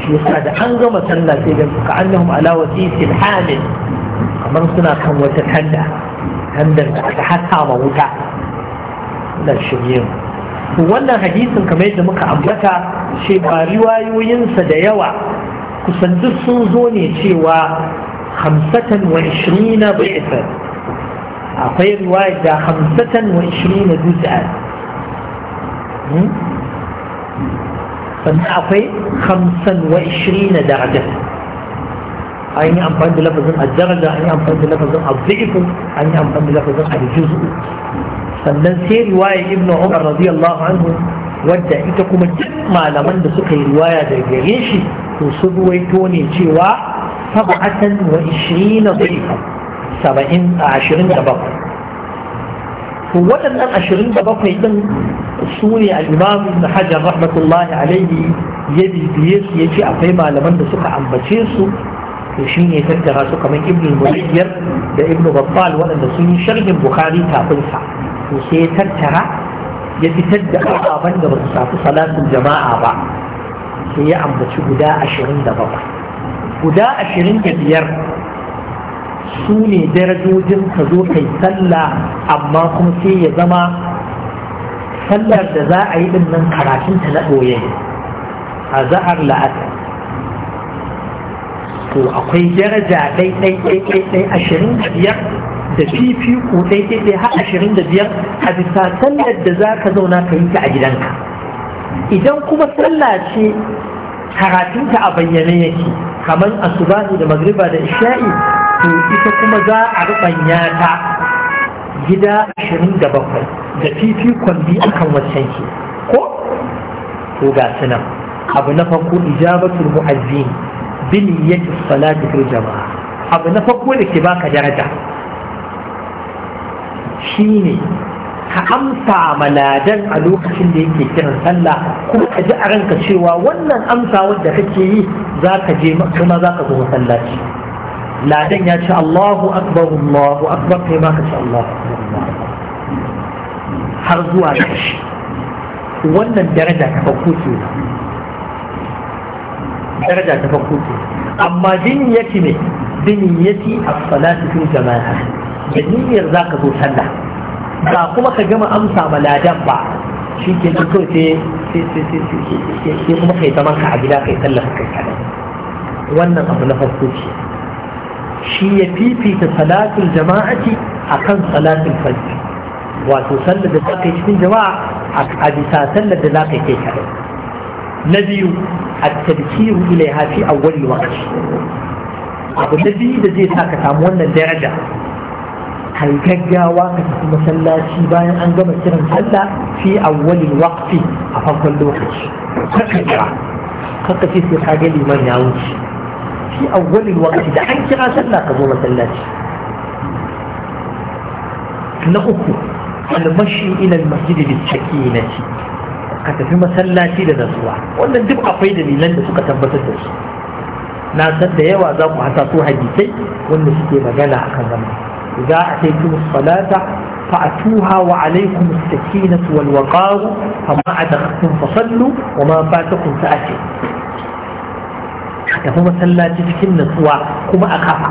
shi yasa da an gama sallah sai ga suka annahum ala wasiqil hamil kamar suna kan wata tanda tandar da aka haka ma wuta da shirye mu wannan hadisin kamar yadda muka ambata ce ba riwayoyinsa da yawa kusan duk sun zo ne cewa hamsatan wa ishirina bai'atan akwai riwaya da hamsatan wa ishirina juz'an hmm? sannan akwai hamsan wa ishirina daraja an yi amfani da lafazin da, an yi amfani da lafazin abdi'ifu an yi amfani da lafazin aljuzu sannan sai riwaya ibnu umar radiyallahu anhu wadda ita kuma duk malaman da suka yi riwaya da gare shi to su ruwaito ne cewa sab'atan wa ishirin ishirina dhaifa saba'in a ashirin da bakwai to waɗannan ashirin da bakwai ɗin su ne al'imam ibn hajar rahmatullahi alaihi ya bibiye su ya ce akwai malaman da suka ambace su to shi ne tattara su kamar ibn musayyar da ibn babbal waɗanda sun yi sharhin bukhari kafin sa to sai ya tattara ya fitar da ababen da ba su shafi salatin jama'a ba sai ya ambaci guda ashirin da bakwai guda ashirin da biyar su ne darajojin ka zo kai sallah amma kuma sai ya zama sallar da za a yi din nan karatunta na ɓoye a za'ar la'asar to akwai daraja dai ɗai dai dai dai ashirin da biyar da fifiko dai dai dai har ashirin da biyar a bisa sallar da za ka zauna ka yi ta a gidanka idan kuma sallah ce karatunta a bayyane yake kamar asubahi da magriba da isha'i to ita kuma za a rubanya ta gida ashirin da bakwai da fifikon biyu akan wancan ke ko to ga sunan abu na farko ijabatul mu'azzini بنية الصلاة abu na أبو نفق ولك باك درجة شيني ka amsa maladan a lokacin da yake kiran sallah kuma ka ji a ranka cewa wannan amsa wadda kake yi za ka je kuma za ka zo masallaci ladan ya ce Allahu akbar Allahu akbar kai ma ka ce Allahu har zuwa kashi wannan daraja ta farko kenan daraja ta farko ce amma dinyati ne dinyati as-salatu fi jama'a da niyyar zaka zo sallah ba kuma ka gama amsa maladan ba shi ke nan kawai sai kuma kai zaman ka a gida kai sallah kai kada wannan abu na farko ce shi ya fifita salatul jama'ati akan salatul fajr wato sallar da zaka yi cikin jama'a a bisa sallar da zaka yi kai kaɗai na biyu التذكير إليها في أول الوقت أبو النبي إذا جيت هكا تعملنا الدرجة هل كجاوا مسلاتي باين أن جمع كرم سلا في أول الوقت أفضل الوقت كجرا كتفي في حاجة لي من يعوش في أول الوقت إذا أنت سلا كزو مسلاتي نقول المشي إلى المسجد بالسكينة ka tafi masallaci da nasuwa wannan duk akwai dalilan da suka tabbatar da su na san da yawa za ku hasa su hadisai wanda suke magana akan wannan idza ataytum salata fa'tuha wa alaykum as-sakinatu wal waqar fama adakhatum Sallu, wa ma fatakum fa'tu ka tafi masallaci cikin nasuwa kuma a kafa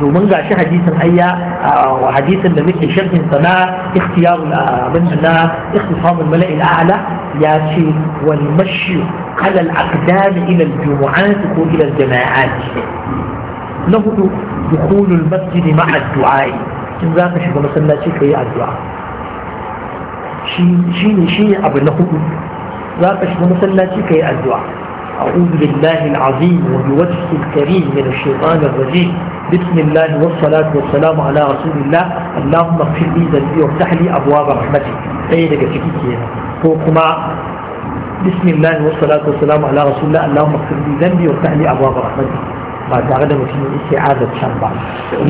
domin ga shi hadisin ayya wa hadisin da muke sharhin sana ikhtiyarul abin na ikhtisamul mala'il a'la ya ce wal mashyu ala al aqdam ila al jumu'at ko ila al jama'at na hudu dukhulul masjid ma'a du'a'i kin za ka shiga masallaci kai addu'a shi shi ne abu na hudu za ka shiga masallaci kai addu'a أعوذ بالله العظيم وبوجهه الكريم من الشيطان الرجيم بسم الله والصلاة والسلام على رسول الله اللهم اغفر لي ذنبي وافتح لي أبواب رحمتك أي لك تكيكي فوقما بسم الله والصلاة والسلام على رسول الله اللهم اغفر لي ذنبي وافتح لي أبواب رحمتك بعد غدا مسلم استعاذة شنبع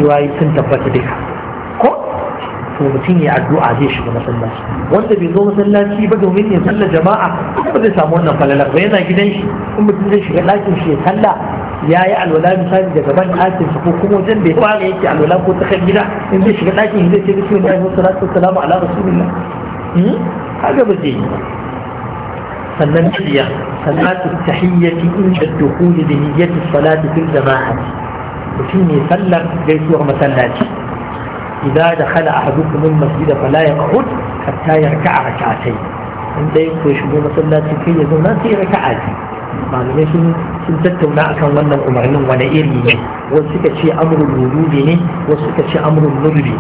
رواية تنتبت بها to mutum ya addu'a zai shiga masallaci wanda bai zo masallaci ba domin ya sallar jama'a ba zai samu wannan falalar ba yana gidan shi in mutum zai shiga ɗakin shi ya salla ya yi alwala misali daga ban ɗakin ko kuma wajen bai ya fara yake alwala ko tsakar gida in zai shiga ɗakin shi zai ce bismillah wa salatu wa salamu ala rasulillah hmm? kaga ba zai yi sannan niyya salatu tahiyyati inda dukhuli bi niyyati salati fil jama'ati mutum ne sallar gaisuwar masallaci إذا دخل أحدكم المسجد فلا يقعد حتى يركع ركعتين إن يقول ويشبه مثلا تكي يزو في ركعات معلومة سن سن تتونا أكان وانا الأمرين ولا إيري وسكة شيء أمر الوجود وسكة شيء أمر النبي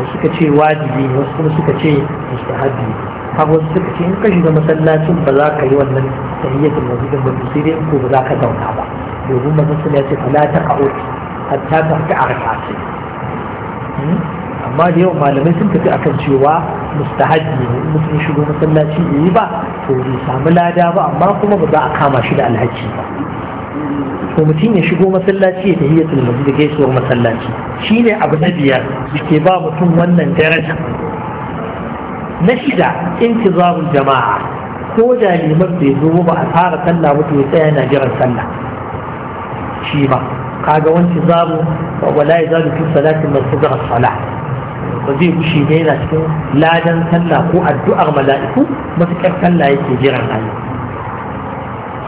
وسكة شيء واجبي وسكة شيء مستحبي har wasu suka ce in ka shiga masallacin ba za ka yi wannan tahiyyatul masjidin ba to sai dai ko ba za Hmm? amma da yawan malamai sun tafi akan cewa mustahaji ne mutum shigo masallaci yi ba to bai samu lada ba amma kuma ba za a kama shi da alhaji ba to mutum ya shigo masallaci ya tafi ya tulmaji da gaisuwar masallaci shi ne abu na biyar ke ba mutum wannan daraja na shida intizarul jama'a ko da liman bai zo ba a fara sallah ba ya tsaya yana jiran sallah shi ba kaga wanci zamu wala ya zalu fi salatin man sadara salah ba zai gushe ne yana cikin ladan sallah ko addu'ar mala'iku matuƙar sallah yake jiran ayi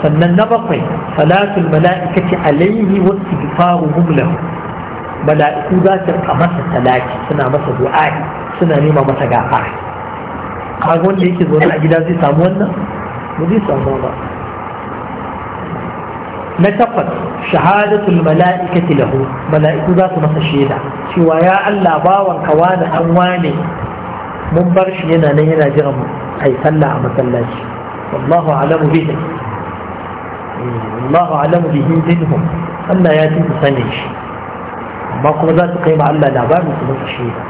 sannan na bakwai salatul mala'ikati alaihi wa istighfaruhum lahu mala'iku za su rika masa salati suna masa du'a suna nema masa gafara kaga wanda yake zaune a gida zai samu wannan mu zai samu wannan. na takwas shahadatul mala'ikati lahu mala'iku za su masa shaida cewa ya Allah bawan ka wani an wane mun bar shi yana nan yana jiran ai sallah a masallaci wallahu alamu bihi wallahu alamu bihi dinhum Allah ya fi su sani shi amma kuma za su kai ma Allah labarin su masa shaida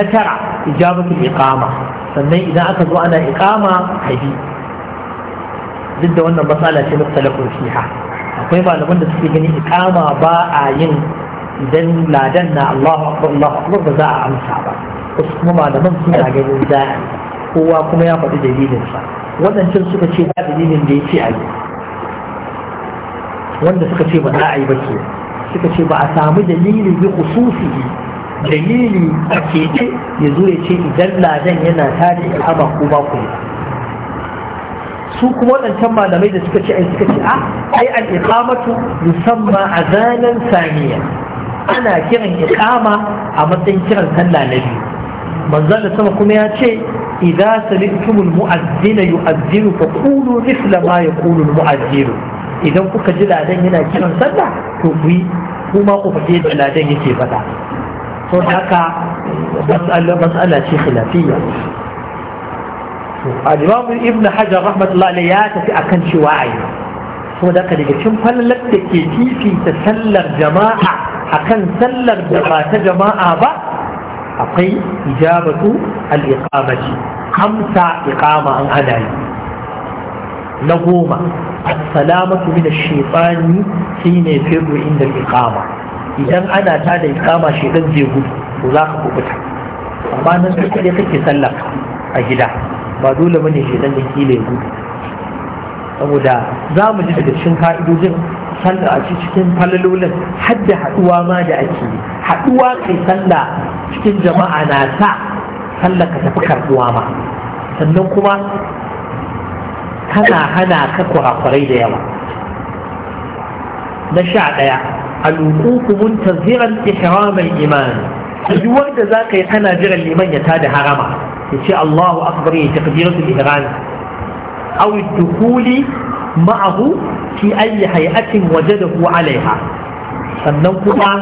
na tara ijabatul iqama sannan idan aka zo ana iqama kabi duk da wannan matsala ce mutalafin fiha akwai malaman da suke gani iqama ba a yin idan ladan na Allahu akbar Allahu akbar ba za a amsa ba wasu kuma malaman suna ganin za kowa kuma ya faɗi dalilinsa waɗancan suka ce ba dalilin da ya ce a yi wanda suka ce ba za a yi ba ke suka ce ba a samu dalilin bi khususihi dalili a keke ya zo ya ce idan ladan yana tada ikama ko ba ku su kuma waɗancan malamai da suka ce ai suka ce a ah, ai al-iqamatu musamman zanen saniya ana kiran iqama a matsayin kiran sallah na biyu manzon da sama kuma ya ce idza sami'tumul mu'azzina yu'azzinu fa qulu mithla ma yaqulu al-mu'azzinu idan kuka ji ladan yana kiran sallah to ku kuma ku da ladan yake faɗa sau da haka matsala ce khilafiyya al-imam ibn hajar rahmatullahi ya tafi akan cewa ayi sau da haka daga cikin falalar da ke fifita sallar jama'a akan sallar da ba ta jama'a ba akwai ijabatu al-iqamati amsa iqama an hada yi na goma السلامة من الشيطان حين يفر عند الإقامة idan ana ta da ikama shi dan zai gudu to za ka kubuta amma nan duk da kake sallar a gida ba dole ne shi dan yake ne gudu saboda za mu ji daga cikin ka'idojin sallah a cikin falalolin hadda haɗuwa ma da ake yi Haɗuwa kai sallah cikin jama'a na sa sallah ka tafi karbuwa ma sannan kuma kana hana ka kurakurai da yawa na sha ɗaya alwuqufu muntaziran ihram al-iman duk da zaka yi kana jiran liman ya ta da harama yace Allahu akbar ya takbiratul ihram aw ad-dukhuli ma'ahu fi ayi hay'atin wajadahu 'alayha sannan kuma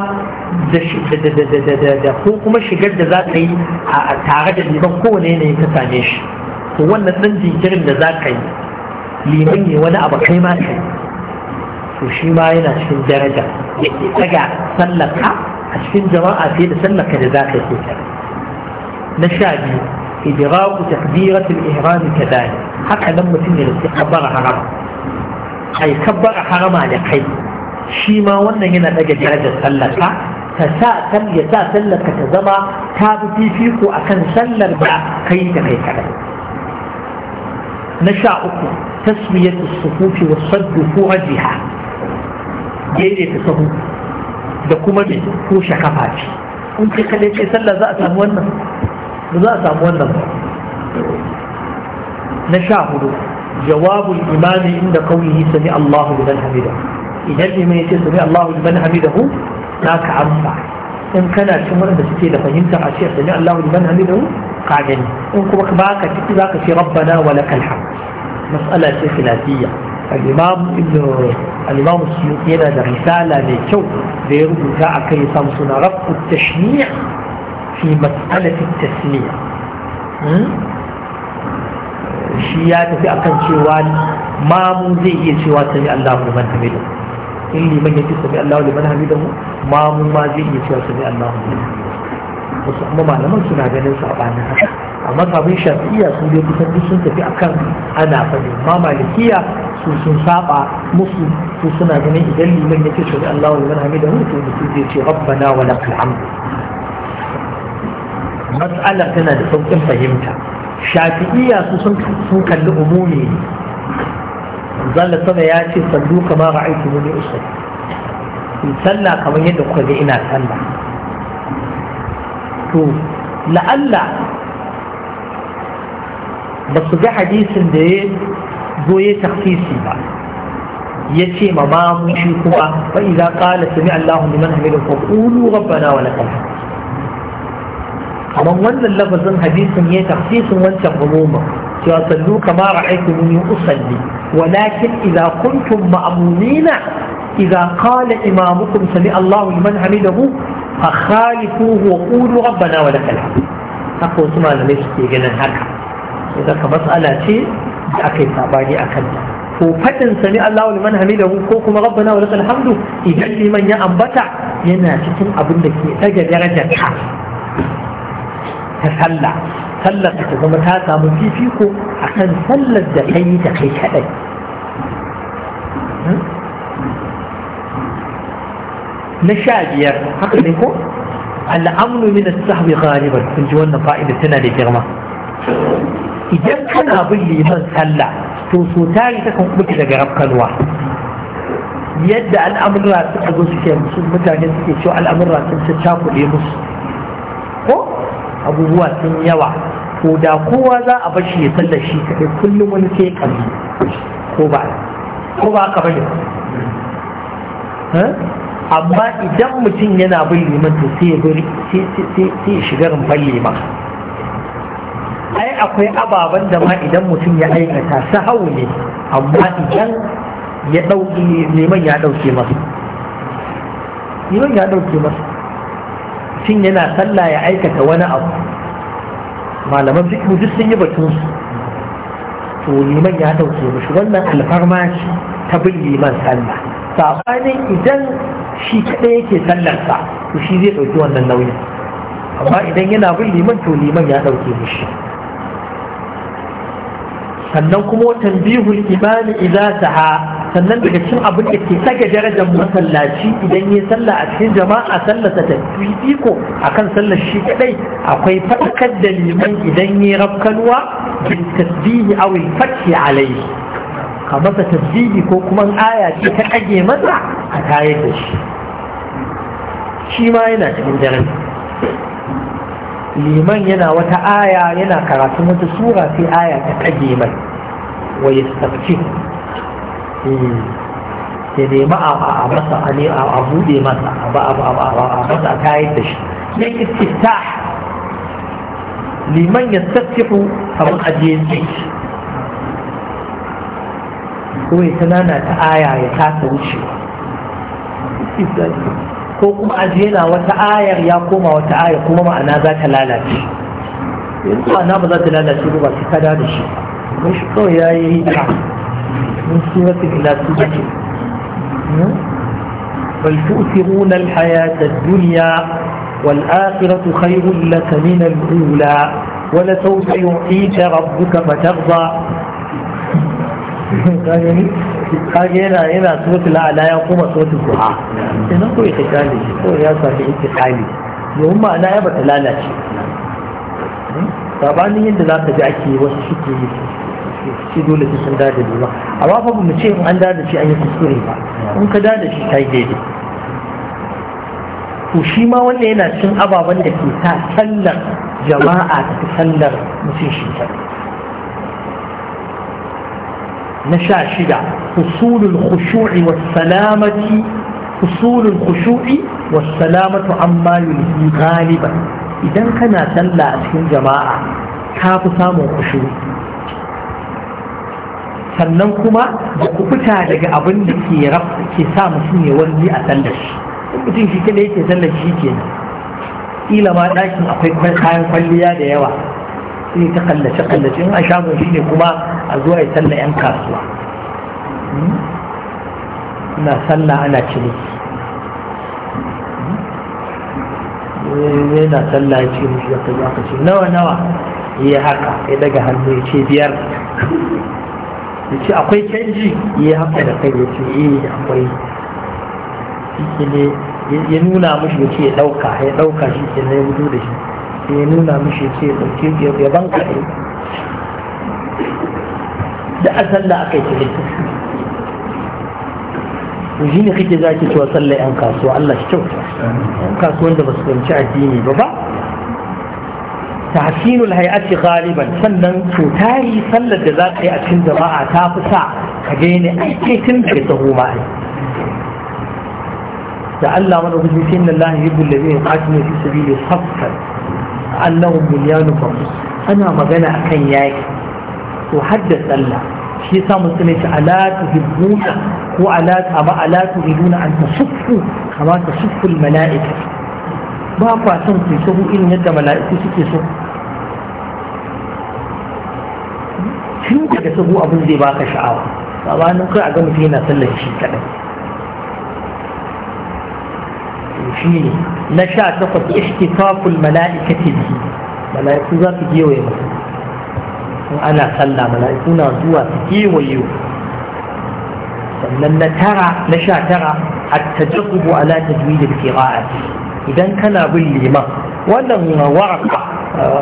da ko kuma shigar da za ka yi a tare da liman kowane yanayin ka same shi wannan ɗan jinkirin da za ka yi liman ne wani abu kai ma kai to shi ma yana cikin daraja ya daga sallaka a cikin jama'a fiye da sallaka da za ka yi na sha biyu idraku takbiratul ihram kadai haka nan mutum ya rufe kabbara harama ai kabbara harama da kai shi ma wannan yana daga darajar sallaka ta sa kan ya sa sallaka ta zama ta fi fifiko akan sallar da kai ta kai kadai na sha uku tasmiyatu sufufi wa saddu ajiha. daidaita sahu da kuma mai toshe kafa ce in ce kaɗai ce sallah za a samu wannan ba za a samu wannan ba na sha hudu jawabul imami inda kaunihi sami Allahu liman hamida idan imam ya ce sami Allahu liman hamidahu za ka amsa in kana cin wanda suke da fahimtar a ce sami Allahu liman hamidahu ka gani in kuma ba ka ciki za ka ce rabbana wa lakal hamd mas'ala ce khilafiyya الإمام ابن الإمام السيوطي هنا رسالة لكو ya rubuta كي سامسون رفع التشنيع في مسألة التسمية shi ya tafi akan cewa mamu zai iya cewa sami Allahu liman hamidahu in liman yake sami Allahu liman hamidahu mamu ma zai iya cewa sami wasu kuma malaman suna ganin saɓanin haka a mazhabin shafi'iyya su dai kusan duk sun tafi akan ana fadi ma malikiya su sun saba musu su suna ganin idan liman yake shari Allah wa liman hamida mutu mutu zai ce rabbana wa lakal hamd mas'ala tana da sauƙin fahimta shafi'iyya su sun kalli umumi zalla sama ya ce sallu kama ra'aytu muni usalli sallah kamar yadda kuka ga ina sallah to la'alla ba su ga hadisin da ya zo ya ba ya ce ma mamu shi kuma fa idza qala sami Allahu liman hamidu fa qulu rabbana wa lakal amma wannan lafazin hadisin ya tafsisin wancan umumin cewa sallu kama ra'aytumuni usalli walakin idza kuntum ma'mumina idza qala imamukum sami Allahu liman hamidahu fa khalifuhu wa qulu rabbana wa haka wasu malamai suke ganin haka sai zaka matsala ce da aka yi sabani a ta. ko fadin sami Allahu liman hamidahu ko kuma rabbana wa lakal hamdu idan liman ya ambata yana cikin abin da ke daga darajar ka ta sallah sallar ta zama ta samu fifiko akan sallar da kai ta kai kadai na sha biyar haka ne ko al'amnu min as-sahwi ghaliban kun ji wannan fa'ida tana da girma idan kana bin liman sallah to so tari ta kan kuɓuta daga rafkalwa yadda al'amurra suka zo suke musu mutane suke cewa al'amurra sun ci cakuɗe musu ko abubuwa sun yawa ko da kowa za a bar shi ya sallar shi kaɗai kullum wani sai ƙarfi ko ba ko ba ka bane amma idan mutum yana bin liman to sai ya shiga rumfar liman ai akwai ababen da ma idan mutum ya aikata su hau ne amma idan ya ɗauki liman ya ɗauke masa liman ya ɗauke masu mutum yana sallah ya aikata wani abu malaman fiƙi duk sun yi batun su to liman ya ɗauke masu wannan alfarma ce ta bin liman sallah sabanin idan shi kaɗai yake sallarsa to shi zai ɗauki wannan nauyin amma idan yana bin liman to liman ya ɗauke mishi sannan kuma watan bihu imani idan saha sannan daga cikin abin da ke saka darajar masallaci idan ya sallah a cikin jama'a sallar ta tafi iko akan sallar shi kadai akwai fadakar da liman idan ya rafkanwa bin tasbihi aw al-fathi alayhi a masa tasbihi ko kuma aya ce ta kage masa a tayar da shi shi ma yana cikin daren liman yana wata aya yana karatun wata sura sai aya ta kage mai wa ya tsarki eh, ya nemi a masa a bude masa a masa a tayar da shi yan istiftah liman ya tsarki kamar ajiyar jiki ko ya tanana ta aya ya tasa wuce ko kuma ajiyana wata ayar ya koma wata aya kuma ma'ana za ta lalace yanzu ma'ana ba za ta lalace ba ta kada da shi mun shi kawai ya yi ta من سورة إلى سورة بل تؤثرون الحياة الدنيا والآخرة خير لك من الأولى ولسوف يعطيك ربك فترضى kage yana yana suratul a'la ya kuma suratul duha idan ko ita kale ko ya sami ita kale domin ma'ana ya bata lalace sabanin yadda za ka ji ake wasu suke yi shi dole su sun dada ba amma fa mu ce an dada shi an yi kuskure ba in ka dada shi ta yi daidai to shi ma wanda yana cin ababen da ke sa sallar jama'a ta sallar mutum shi ta نشاشدة حصول الخشوع والسلامة حصول الخشوع والسلامة عما يلهي غالبا إذا كان سلا أسكن جماعة كاف سامو خشوع sannan kuma da ku fita daga abin da ke raf ke sa mutum ya wanzi a sallar shi mutum shi kada yake sallar shi ke ma ɗakin akwai kayan kwalliya da yawa sai ta kallace kallace in a shagon shi ne kuma a zuwa ya salla 'yan kasuwa na salla ana ciniki na sallah ya ce mushi ya kaji aka ce nawa nawa ya haka ya daga hannu ya ce biyar ya ce akwai canji ya haka da kai ya ce eh akwai shi ne ya nuna mushi ya ce ya ɗauka ya ɗauka shi ke na ya gudu da shi ya nuna mushi ya ce ya ɗauke ya banka ya da a sallah aka yi cikin shi ne kake ki cewa sallah yan kasuwa Allah shi kyauta yan kasuwan da ba su fahimci addini ba ba tahsinul hay'ati ghaliban sannan tutari sallar da za ka yi a cikin jama'a ta fi sa ka daina aiki tun da tsaho ma da Allah mana hudu sai inna Allah yuhibbu alladhina yuqatiluna fi sabili saffan annahum bunyanun marsus ana magana akan yaki to hadda sallah shi yasa musulmi ta ala tuhibbuna ko ala ama ala tuhibuna an tasuffu kama tasuffu mala'ika ba kwa son ku sahu irin yadda mala'iku suke so tun daga sahu abin zai baka sha'awa sabanin kai a ga mutum yana sallar shi kadai shi ne na sha takwas ihtifaful mala'ikati bihi mala'iku za su je wa mutum in ana sallah mala'iku na zuwa su kewaye sannan na tara na sha tara a tajasubu ala tajwidil qira'ati idan kana bin liman wannan waraka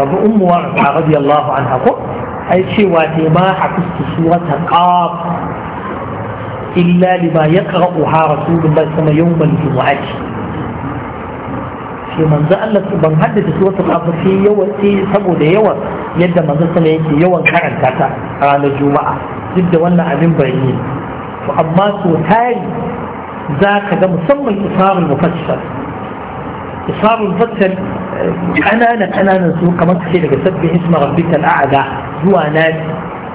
abu ummu waraka radiyallahu anha ko ai cewa ce ma hafistu surata qaf illa lima yaqra'uha rasulullahi sallallahu alaihi wasallam yawmal jumu'ati ce manzo Allah ban haddace suratul abu sai yawan saboda yawan yadda manzo sama yake yawan karanta ta a ranar juma'a duk da wannan abin bayani to amma so za ka ga musamman isarul mufassal isarul mufassal eh, ƙananan ƙananan su kamar ce daga sabbin isma rabbikal a'la zuwa nafi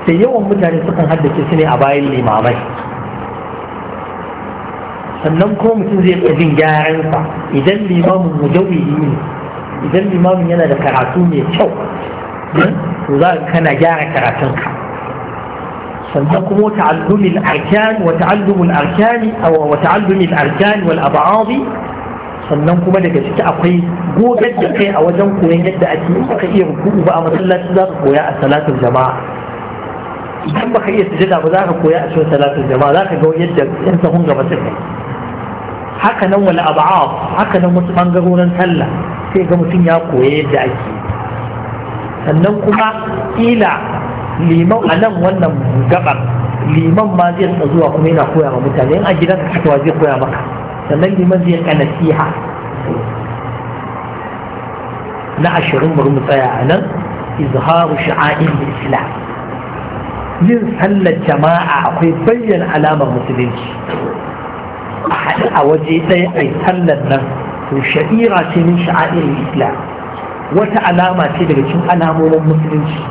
sai yawan mutane sukan haddace su ne a bayan limamai sannan kuma mutum zai iya jin gyaransa idan limamin mujawwiyi ne idan limamin yana da karatu mai kyau hmm, to za ka kana gyara karatunka sannan kuma wata ta'allumil arkan wata ta'allumul arkani aw wa ta'allumil arkan wal ab'ad sannan kuma daga ciki akwai gogar da kai a wajen koyon yadda ake in baka iya ruku'u ba a masallaci za ka koya a salatul jama'a idan baka iya sujada ba za ka koya a cikin salatul jama'a za ka ga yadda yan sahun gaba suka haka nan wani ab'ab haka nan wasu ɓangarorin sallah sai ga mutum ya koya yadda ake sannan kuma ila liman a nan wannan gabar liman ma zai rika zuwa kuma yana koya ma mutane in a gidan ka kasuwa zai koya maka sannan liman zai rika nasiha na ashirin bari mu tsaya a nan izharu sha'a'in islam yin sallar jama'a akwai bayyana alamar musulunci haɗu a waje ɗaya ai sallar nan to sha'ira ce min sha'a'ir islam wata alama ce daga cikin alamomin musulunci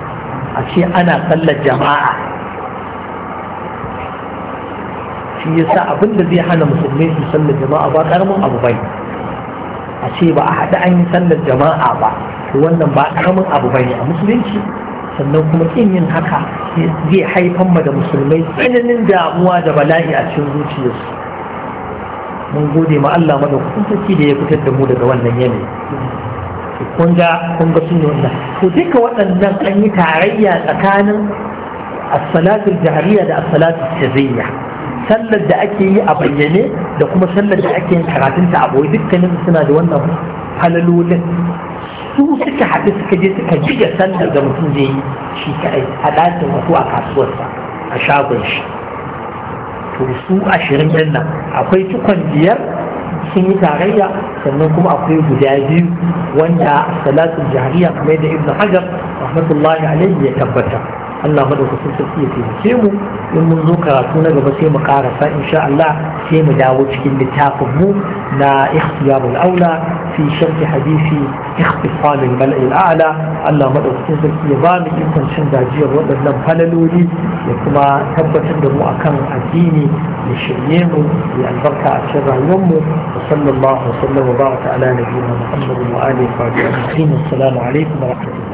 a ce ana sallar jama'a shi yasa abin da zai hana musulmai su sallar jama'a ba karamin abu bai a ce ba a haɗu an yi sallar jama'a ba to wannan ba karamin abu bane a musulunci sannan kuma kin yin haka zai haifan ma da musulmai tsananin damuwa da bala'i a cikin zuciyarsu mun gode ma Allah madaukakin sarki da ya fitar da mu daga wannan yanayi kun ga kun ga sunna Allah to duka waɗannan an yi tarayya tsakanin as-salatul da as-salatul sirriyya sallar da ake yi a bayyane da kuma sallar da ake yin karatun ta a boye dukkanin suna da wannan falalolin su suka haɗu suka je suka jiga sallar da mutum zai yi shi kaɗai a ɗakin a kasuwarsa a shagon shi to su ashirin din nan akwai cikon biyar sun yi tarayya sannan kuma akwai guda biyu wanda salatul jahiliya kamar da ibn hajar rahmatullahi alaihi ya tabbata Allah madaukakin sarki ya taimake mu in mun zo karatu na gaba sai mu karasa insha Allah sai mu dawo cikin littafin mu na ikhtiyarul aula fi sharhi hadisi ikhtisam al-mal'i al-a'la Allah madaukakin sarki ya ba mu ikon cin gajiyar waɗannan falaloli ya kuma tabbatar da mu akan addini ya shirye mu ya albarka a cikin rayuwar mu sallallahu alaihi wa sallam wa baraka ala nabiyina Muhammad wa alihi wa sahbihi assalamu alaikum wa rahmatullahi